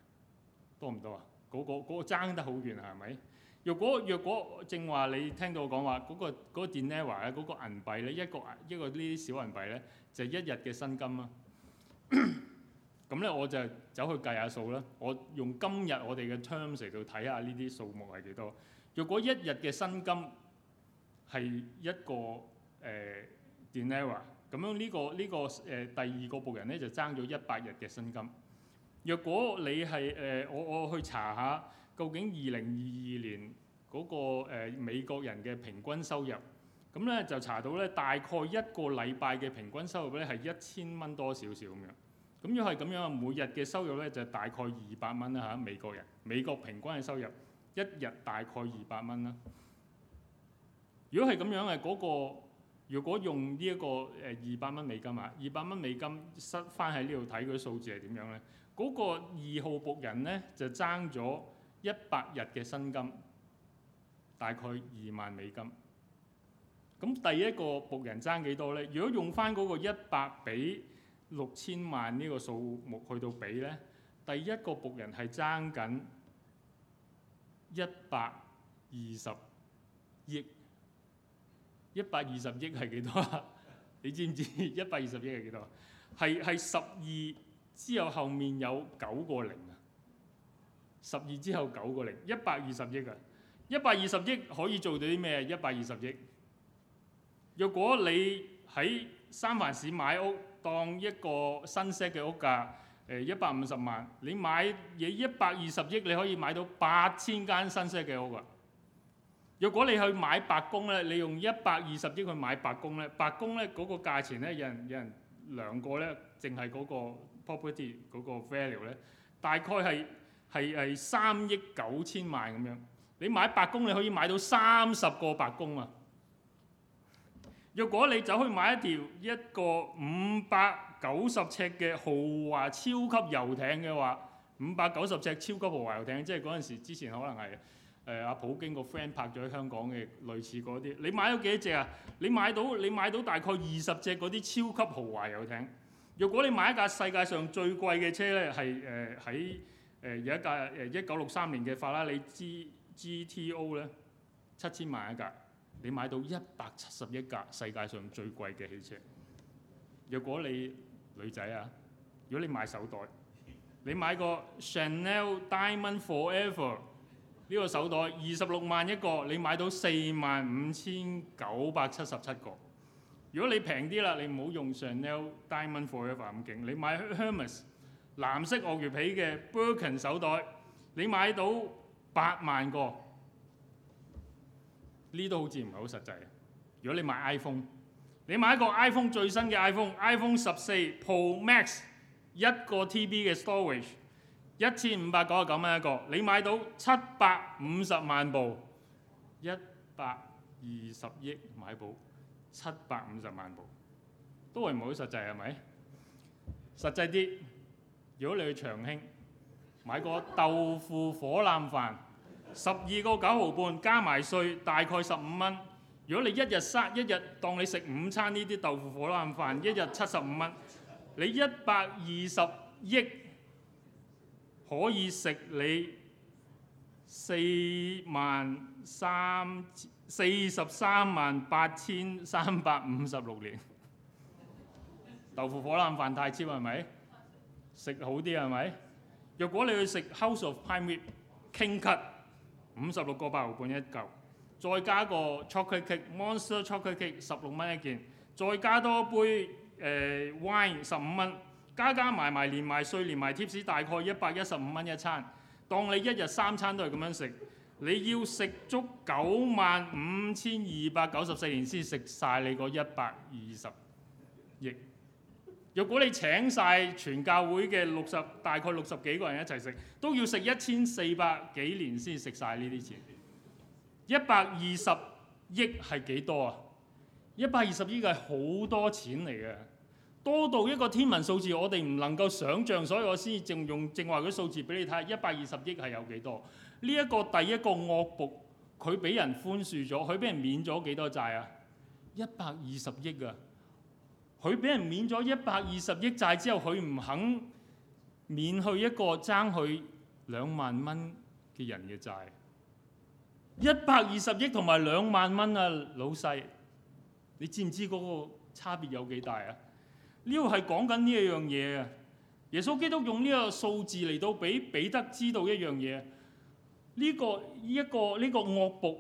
多唔多啊？嗰個嗰個爭得好遠啊，係咪？若果若果正話，你聽到我講話嗰個嗰個 denarius 咧，嗰個銀幣咧，一個一個呢啲小銀幣咧，就係一日嘅薪金啊！咁咧我就走去計下數啦。我用今日我哋嘅 terms 嚟到睇下呢啲數目係幾多？若果一日嘅薪金，係一個誒 d i n e r 咁樣呢、這個呢、這個誒、呃、第二個僕人咧就爭咗一百日嘅薪金。若果你係誒、呃、我我去查下，究竟二零二二年嗰、那個、呃、美國人嘅平均收入，咁咧就查到咧大概一個禮拜嘅平均收入咧係一千蚊多少少咁樣。咁若係咁樣，每日嘅收入咧就大概二百蚊啦嚇，美國人美國平均嘅收入一日大概二百蚊啦。如果係咁樣嘅嗰個，如果用呢一個誒二百蚊美金啊，二百蚊美金失翻喺呢度睇嗰數字係點樣咧？嗰個二號僕人咧就爭咗一百日嘅薪金，大概二萬美金。咁第一個僕人爭幾多咧？如果用翻嗰個一百比六千萬呢個數目去到比咧，第一個僕人係爭緊一百二十億。一百二十億係幾多？ 你知唔知一百二十億係幾多？係係十二之後後面有九個零啊！十二之後九個零，一百二十億啊！一百二十億可以做到啲咩？一百二十億，若果你喺三藩市買屋當一個新式嘅屋價，誒一百五十萬，你買嘢一百二十億，你可以買到八千間新式嘅屋啊。如果你去買白宮咧，你用一百二十億去買白宮咧，白宮咧嗰個價錢咧，有人有人量過咧，淨係嗰個 property 嗰個 value 咧，大概係係係三億九千萬咁樣。你買白宮你可以買到三十個白宮啊！若果你走去買一條一個五百九十尺嘅豪華超級遊艇嘅話，五百九十尺超級豪華遊艇，即係嗰陣時之前可能係。誒阿普京個 friend 泊咗喺香港嘅類似嗰啲，你買咗幾多隻啊？你買到你買到大概二十隻嗰啲超級豪華遊艇。若果你買一架世界上最貴嘅車咧，係誒喺誒有一架誒一九六三年嘅法拉利 G GTO 咧，七千萬一架。你買到一百七十一架世界上最貴嘅汽車。若果你女仔啊，如果你買手袋，你買個 Chanel Diamond Forever。呢個手袋二十六萬一個，你買到四萬五千九百七十七個。如果你平啲啦，你唔好用 Chanel Diamond Forever 咁勁，你買 Hermes 藍色鱷魚皮嘅 Birkin 手袋，你買到八萬個。呢度好似唔係好實際。如果你買 iPhone，你買一個 iPhone 最新嘅 iPhone iPhone 十四 Pro Max 一個 TB 嘅 storage。一千五百九十九蚊一個，你買到七百五十萬部，一百二十億買保，七百五十萬部都係唔係好實際係咪？實際啲，如果你去長興買個豆腐火腩飯，十二個九毫半加埋稅大概十五蚊。如果你一日嘥一日當你食午餐呢啲豆腐火腩飯，一日七十五蚊，你一百二十億。可以食你四萬三四十三萬八千三百五十六年，豆腐火腩飯太超係咪？食好啲係咪？若果你去食 House of Pinewood，King Cut，五十六個八毫半一嚿，再加個 chocolate cake monster chocolate cake 十六蚊一件，再加多一杯誒、呃、wine 十五蚊。加加埋埋，連埋稅，連埋 tips，大概一百一十五蚊一餐。當你一日三餐都係咁樣食，你要食足九萬五千二百九十四年先食晒你嗰一百二十億。若果你請晒全教會嘅六十，大概六十幾個人一齊食，都要食一千四百幾年先食晒呢啲錢。一百二十億係幾多啊？一百二十億係好多錢嚟嘅。多到一個天文數字，我哋唔能夠想像，所以我先正用正話嗰個數字俾你睇，一百二十億係有幾多？呢一個第一個惡僕，佢俾人寬恕咗，佢俾人免咗幾多債啊？一百二十億啊！佢俾人免咗一百二十億債之後，佢唔肯免去一個爭佢兩萬蚊嘅人嘅債。一百二十億同埋兩萬蚊啊，老細，你知唔知嗰個差別有幾大啊？呢個係講緊呢一樣嘢啊！耶穌基督用呢個數字嚟到俾彼得知道一樣嘢，這個，呢、這個依一、這個呢、這個惡僕，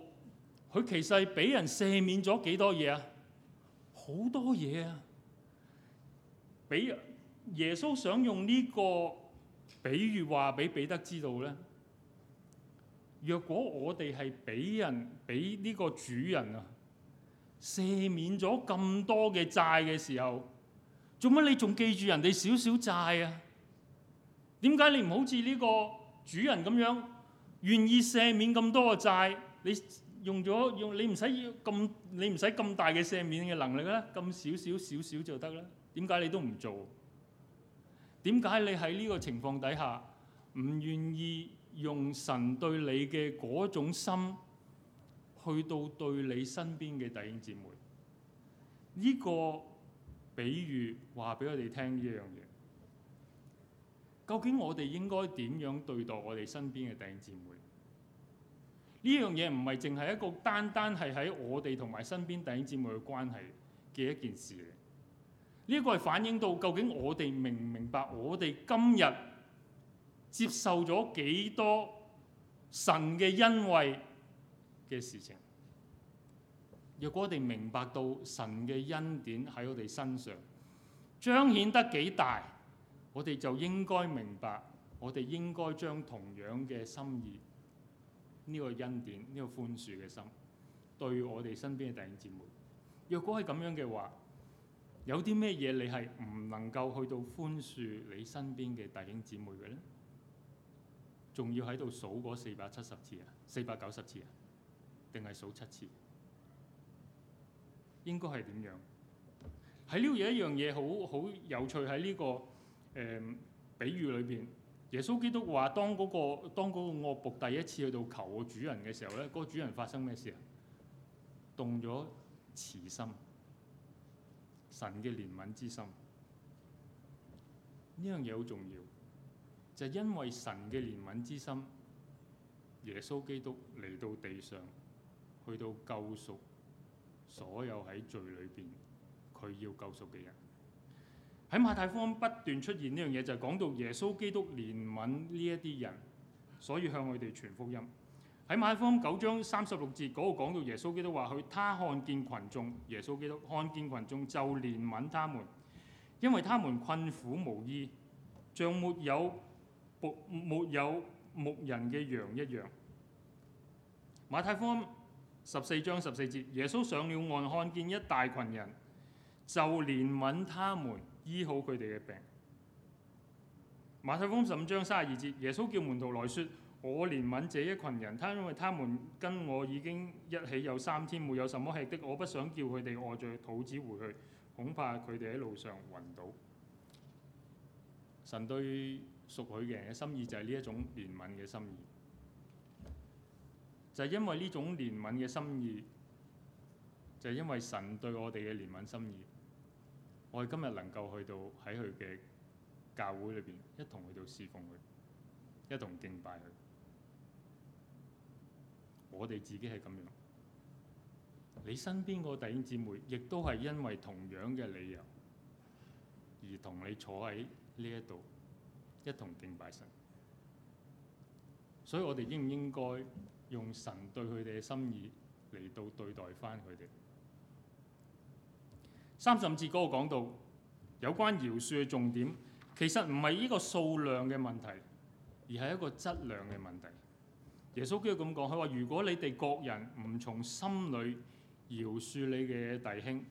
佢其實係俾人赦免咗幾多嘢啊？好多嘢啊！俾耶穌想用呢個比喻話俾彼得知道咧，若果我哋係俾人俾呢個主人啊赦免咗咁多嘅債嘅時候，做乜你仲記住人哋少少債啊？點解你唔好似呢個主人咁樣願意赦免咁多個債？你用咗用你唔使要咁，你唔使咁大嘅赦免嘅能力咧，咁少少少少就得啦。點解你都唔做？點解你喺呢個情況底下唔願意用神對你嘅嗰種心去到對你身邊嘅弟兄姊妹呢個？比喻話俾我哋聽呢樣嘢，究竟我哋應該點樣對待我哋身邊嘅弟兄姊妹？呢樣嘢唔係淨係一個單單係喺我哋同埋身邊弟兄姊妹嘅關係嘅一件事嚟，呢個係反映到究竟我哋明唔明白，我哋今日接受咗幾多神嘅恩惠嘅事情。若果我哋明白到神嘅恩典喺我哋身上，彰顯得幾大，我哋就應該明白，我哋應該將同樣嘅心意，呢個恩典、呢個寬恕嘅心，對我哋身邊嘅弟兄姊妹。若果係咁樣嘅話，有啲咩嘢你係唔能夠去到寬恕你身邊嘅弟兄姊妹嘅咧？仲要喺度數嗰四百七十次啊，四百九十次啊，定係數七次？應該係點樣？喺呢度有一樣嘢好好有趣喺呢、呢個誒、嗯、比喻裏邊。耶穌基督話、嗰個：當嗰個當嗰個惡僕第一次去到求個主人嘅時候咧，嗰、嗰個主人發生咩事啊？動咗慈心，神嘅憐憫之心。呢樣嘢好重要，就係、因為神嘅憐憫之心，耶穌基督嚟到地上，去到救贖。所有喺罪裏邊，佢要救贖嘅人，喺馬太福音不斷出現呢樣嘢，就係、是、講到耶穌基督憐憫呢一啲人，所以向佢哋傳福音。喺馬太福音九章三十六節嗰度講到耶穌基督話佢，他看見群眾，耶穌基督看見群眾就憐憫他們，因為他們困苦無依，像沒有牧沒有牧人嘅羊一樣。馬太福音十四章十四節，耶穌上了岸，看見一大群人，就憐憫他們，醫好佢哋嘅病。馬太福音十五章三十二節，耶穌叫門徒來説：我憐憫這一群人，他因為他們跟我已經一起有三天，沒有什麼吃的，我不想叫佢哋餓著肚子回去，恐怕佢哋喺路上暈倒。神對屬佢嘅人嘅心意就係呢一種憐憫嘅心意。就係因為呢種憐憫嘅心意，就係因為神對我哋嘅憐憫心意，我哋今日能夠去到喺佢嘅教會裏邊一同去到侍奉佢，一同敬拜佢。我哋自己係咁樣，你身邊個弟兄姊妹亦都係因為同樣嘅理由而同你坐喺呢一度一同敬拜神。所以我哋應唔應該？用神對佢哋嘅心意嚟到對待翻佢哋。三十五節嗰個講到有關饒恕嘅重點，其實唔係呢個數量嘅問題，而係一個質量嘅問題。耶穌基督咁講，佢話：如果你哋各人唔從心裡饒恕你嘅弟兄，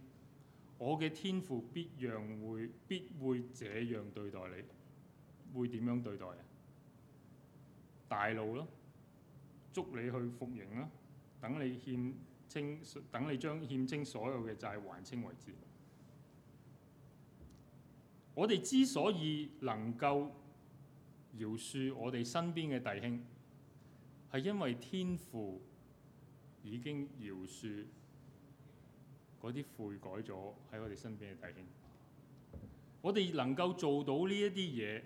我嘅天父必樣會必會這樣對待你，會點樣對待啊？大怒咯！捉你去服刑啦，等你欠清，等你將欠清所有嘅債還清為止。我哋之所以能夠饒恕我哋身邊嘅弟兄，係因為天父已經饒恕嗰啲悔改咗喺我哋身邊嘅弟兄。我哋能夠做到呢一啲嘢，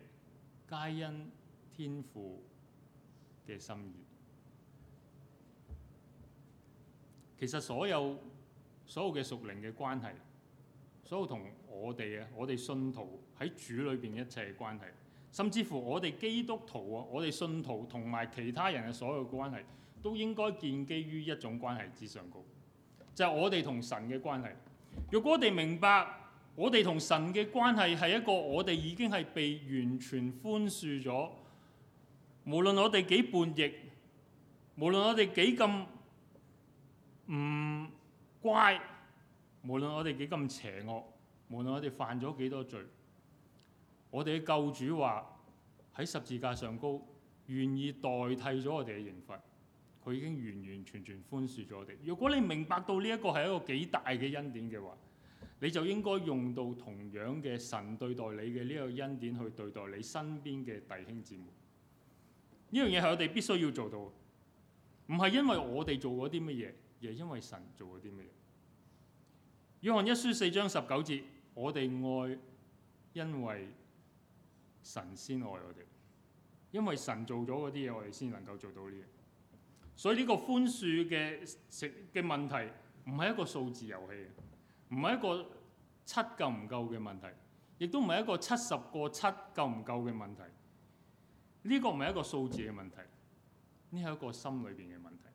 皆因天父嘅心意。其實所有所有嘅屬靈嘅關係，所有同我哋嘅我哋信徒喺主裏邊一切嘅關係，甚至乎我哋基督徒啊，我哋信徒同埋其他人嘅所有嘅關係，都應該建基於一種關係之上嘅，就係我哋同神嘅關係。若果我哋明白我哋同神嘅關係係一個我哋已經係被完全寬恕咗，無論我哋幾叛逆，無論我哋幾咁。唔、嗯、乖，無論我哋幾咁邪惡，無論我哋犯咗幾多罪，我哋嘅救主話喺十字架上高願意代替咗我哋嘅刑罰，佢已經完完全全寬恕咗我哋。如果你明白到呢一個係一個幾大嘅恩典嘅話，你就應該用到同樣嘅神對待你嘅呢個恩典去對待你身邊嘅弟兄姊妹。呢樣嘢係我哋必須要做到，唔係因為我哋做過啲乜嘢。因為神做咗啲咩？約翰一書四章十九節，我哋愛，因為神先愛我哋，因為神做咗嗰啲嘢，我哋先能夠做到呢嘢。所以呢個寬恕嘅嘅問題，唔係一個數字遊戲，唔係一個七夠唔夠嘅問題，亦都唔係一個七十個七夠唔夠嘅問題。呢、這個唔係一個數字嘅問題，呢係一個心裏邊嘅問題。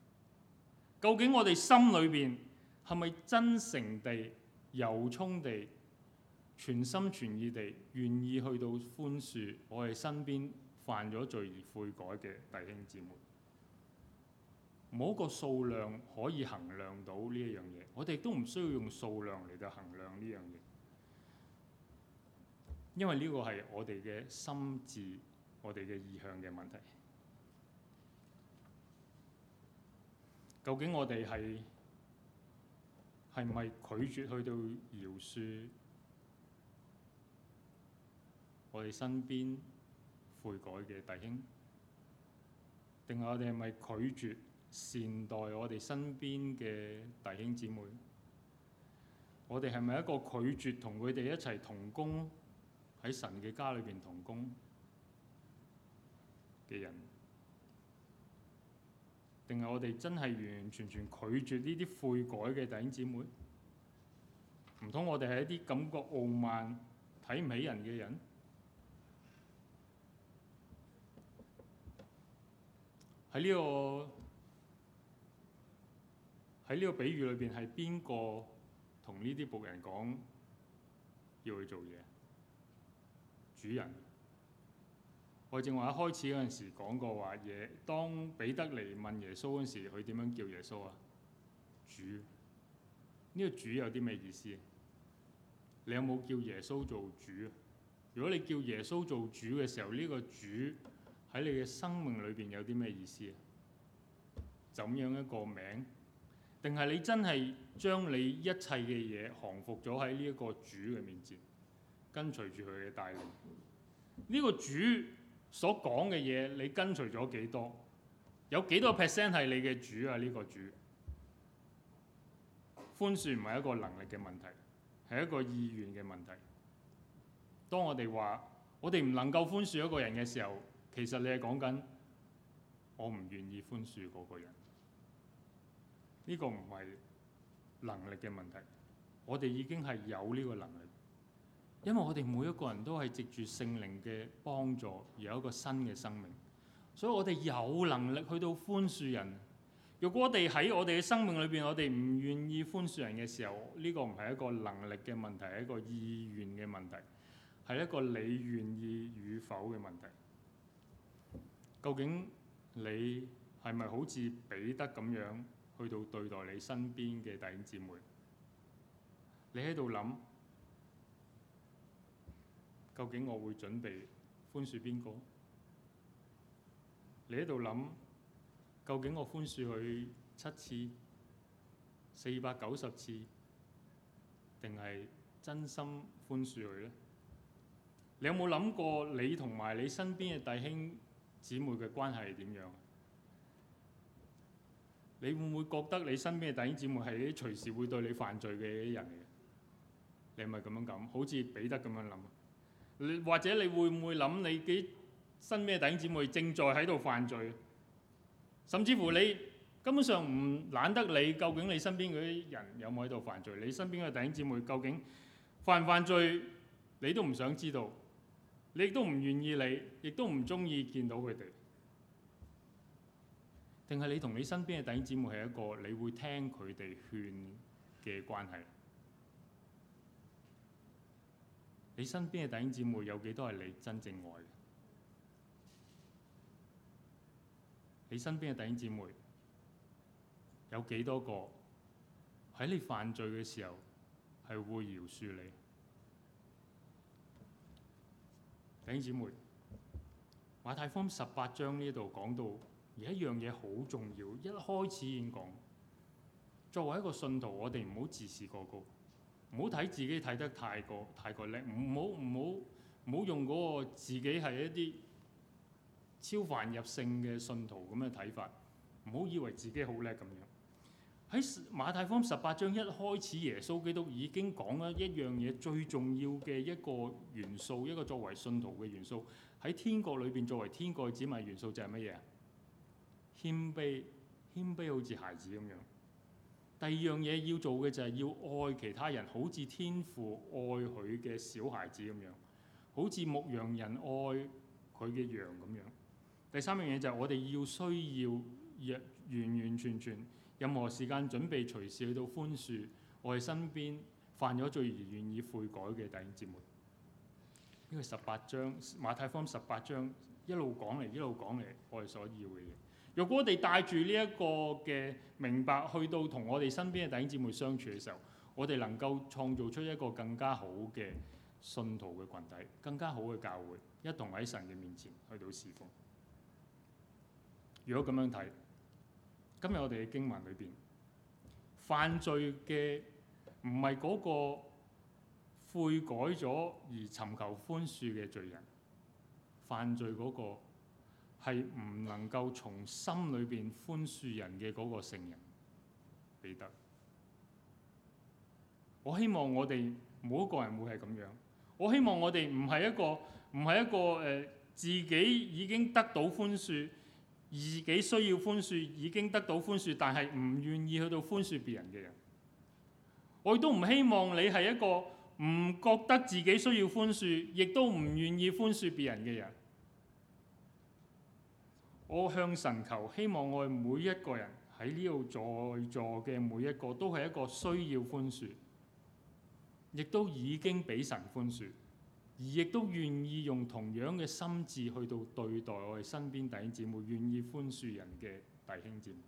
究竟我哋心裏邊，係咪真誠地、由衷地、全心全意地願意去到寬恕我哋身邊犯咗罪而悔改嘅弟兄姊妹？冇個數量可以衡量到呢一樣嘢，我哋都唔需要用數量嚟到衡量呢樣嘢，因為呢個係我哋嘅心智，我哋嘅意向嘅問題。究竟我哋係係唔係拒絕去到饒恕我哋身邊悔改嘅弟兄，定係我哋係咪拒絕善待我哋身邊嘅弟兄姊妹？我哋係咪一個拒絕同佢哋一齊同工喺神嘅家裏邊同工嘅人？定係我哋真係完完全全拒絕呢啲悔改嘅弟兄姊妹？唔通我哋係一啲感覺傲慢、睇唔起人嘅人？喺呢個喺呢個比喻裏邊，係邊個同呢啲僕人講要去做嘢？主人。我正話喺開始嗰陣時講過話嘢，當彼得嚟問耶穌嗰時，佢點樣叫耶穌啊？主，呢個主有啲咩意思？你有冇叫耶穌做主？如果你叫耶穌做主嘅時候，呢個主喺你嘅生命裏邊有啲咩意思啊？怎樣一個名？定係你真係將你一切嘅嘢降服咗喺呢一個主嘅面前，跟隨住佢嘅帶領？呢個主。所講嘅嘢，你跟隨咗幾多？有幾多 percent 係你嘅主啊？呢個主寬恕唔係一個能力嘅問題，係一個意願嘅問題。當我哋話我哋唔能夠寬恕一個人嘅時候，其實你係講緊我唔願意寬恕嗰個人。呢個唔係能力嘅問題，我哋已經係有呢個能力。因為我哋每一個人都係藉住聖靈嘅幫助而有一個新嘅生命，所以我哋有能力去到寬恕人。如果我哋喺我哋嘅生命裏邊，我哋唔願意寬恕人嘅時候，呢個唔係一個能力嘅問題，係一個意願嘅問題，係一個你願意與否嘅問題。究竟你係咪好似彼得咁樣去到對待你身邊嘅弟兄姊妹？你喺度諗？究竟我會準備寬恕邊個？你喺度諗，究竟我寬恕佢七次、四百九十次，定係真心寬恕佢呢？你有冇諗過你同埋你身邊嘅弟兄姊妹嘅關係係點樣？你會唔會覺得你身邊嘅弟兄姊妹係啲隨時會對你犯罪嘅一啲人嚟嘅？你係咪咁樣諗？好似彼得咁樣諗？或者你會唔會諗你身邊嘅弟兄姊妹正在喺度犯罪，甚至乎你根本上唔懶得理究竟你身邊嗰啲人有冇喺度犯罪，你身邊嘅弟兄姊妹究竟犯唔犯罪，你都唔想知道，你亦都唔願意理，亦都唔中意見到佢哋，定係你同你身邊嘅弟兄姊妹係一個你會聽佢哋勸嘅關係？你身邊嘅弟兄姊妹有幾多係你真正愛嘅？你身邊嘅弟兄姊妹有幾多個喺你犯罪嘅時候係會饒恕你？弟兄姊妹，馬太福音十八章呢度講到而一樣嘢好重要，一開始已經講，作為一個信徒，我哋唔好自視過高。唔好睇自己睇得太過，太過叻，唔好唔好唔好用嗰個自己係一啲超凡入聖嘅信徒咁嘅睇法，唔好以為自己好叻咁樣。喺馬太福音十八章一開始，耶穌基督已經講咗一樣嘢，最重要嘅一個元素，一個作為信徒嘅元素，喺天國裏邊作為天國子民元素就係乜嘢？謙卑，謙卑好似孩子咁樣。第二樣嘢要做嘅就係要愛其他人，好似天父愛佢嘅小孩子咁樣，好似牧羊人愛佢嘅羊咁樣。第三樣嘢就係我哋要需要若完完全全任何時間準備隨時去到寬恕我哋身邊犯咗罪而願意悔改嘅弟兄姊妹。呢、這個十八章馬太福音十八章一路講嚟一路講嚟，我哋所要嘅嘢。如果我哋帶住呢一個嘅明白去到同我哋身邊嘅弟兄姊妹相處嘅時候，我哋能夠創造出一個更加好嘅信徒嘅群體，更加好嘅教會，一同喺神嘅面前去到侍奉。如果咁樣睇，今日我哋嘅經文裏邊，犯罪嘅唔係嗰個悔改咗而尋求寬恕嘅罪人，犯罪嗰個。係唔能夠從心裏邊寬恕人嘅嗰個聖人彼得。我希望我哋每一個人都唔會係咁樣。我希望我哋唔係一個唔係一個誒、呃、自己已經得到寬恕，自己需要寬恕已經得到寬恕，但係唔願意去到寬恕別人嘅人。我亦都唔希望你係一個唔覺得自己需要寬恕，亦都唔願意寬恕別人嘅人。我向神求，希望我哋每一個人喺呢度在座嘅每一個都係一個需要寬恕，亦都已經俾神寬恕，而亦都願意用同樣嘅心志去到對待我哋身邊弟兄姊妹，願意寬恕人嘅弟兄姊妹。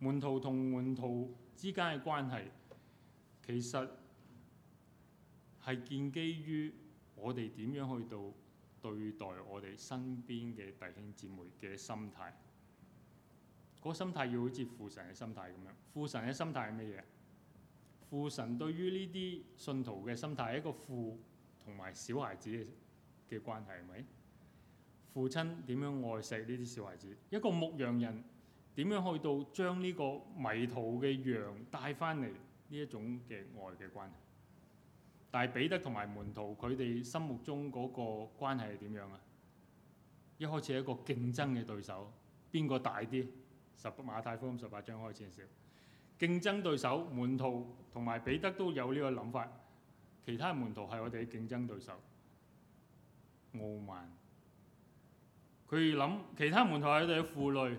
門徒同門徒之間嘅關係，其實，係建基於我哋點樣去到。對待我哋身邊嘅弟兄姊妹嘅心態，嗰個心態要好似父神嘅心態咁樣。父神嘅心態係乜嘢？父神對於呢啲信徒嘅心態係一個父同埋小孩子嘅關係係咪？父親點樣愛惜呢啲小孩子？一個牧羊人點樣去到將呢個迷途嘅羊帶翻嚟？呢一種嘅愛嘅關係。但係彼得同埋門徒佢哋心目中嗰個關係係點樣啊？一開始係一個競爭嘅對手，邊個大啲？十，馬太福音十八章開始少競爭對手，門徒同埋彼得都有呢個諗法。其他門徒係我哋嘅競爭對手，傲慢。佢諗其他門徒係佢哋嘅負累，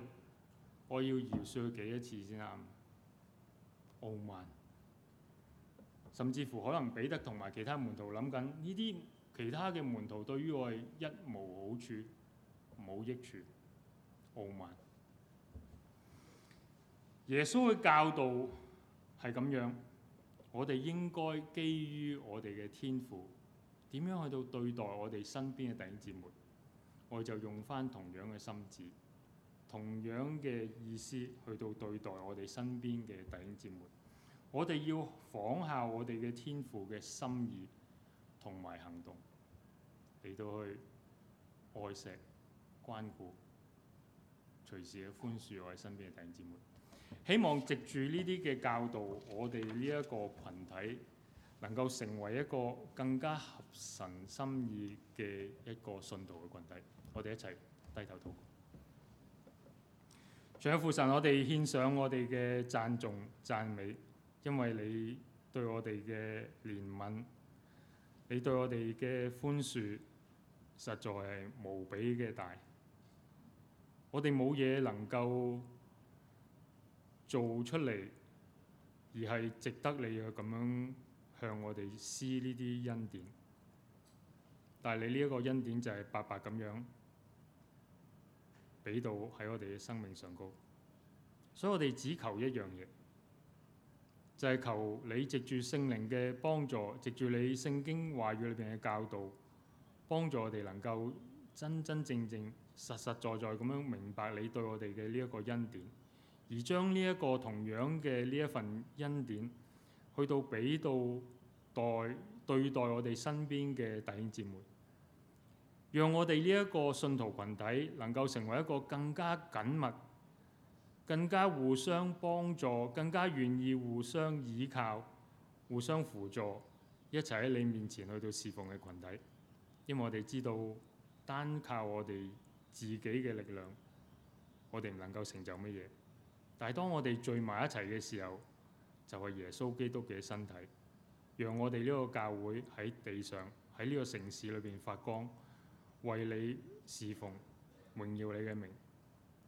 我要饒恕佢幾多次先啊？傲慢。甚至乎可能彼得同埋其他門徒諗緊呢啲其他嘅門徒對於我哋一無好處，冇益處，傲慢。耶穌嘅教導係咁樣，我哋應該基於我哋嘅天父，點樣去到對待我哋身邊嘅弟兄姊妹，我哋就用翻同樣嘅心智，同樣嘅意思去到對待我哋身邊嘅弟兄姊妹。我哋要仿效我哋嘅天父嘅心意同埋行動嚟到去愛錫關顧隨時嘅寬恕我哋身邊嘅弟兄姊妹。希望藉住呢啲嘅教導，我哋呢一個群體能夠成為一個更加合神心意嘅一個信徒嘅群體，我哋一齊低頭禱告。除咗父神，我哋獻上我哋嘅讚頌讚美。因為你對我哋嘅憐憫，你對我哋嘅寬恕，實在係無比嘅大。我哋冇嘢能夠做出嚟，而係值得你去咁樣向我哋施呢啲恩典。但係你呢一個恩典就係白白咁樣俾到喺我哋嘅生命上高。所以我哋只求一樣嘢。就係求你藉住聖靈嘅幫助，藉住你聖經話語裏邊嘅教導，幫助我哋能夠真真正正、實實在在咁樣明白你對我哋嘅呢一個恩典，而將呢一個同樣嘅呢一份恩典，去到俾到待對待我哋身邊嘅弟兄姊妹，讓我哋呢一個信徒群體能夠成為一個更加緊密。更加互相幫助，更加願意互相倚靠、互相輔助，一齊喺你面前去到侍奉嘅群體。因為我哋知道，單靠我哋自己嘅力量，我哋唔能夠成就乜嘢。但係當我哋聚埋一齊嘅時候，就係耶穌基督嘅身體，讓我哋呢個教會喺地上喺呢個城市裏邊發光，為你侍奉，榮耀你嘅名。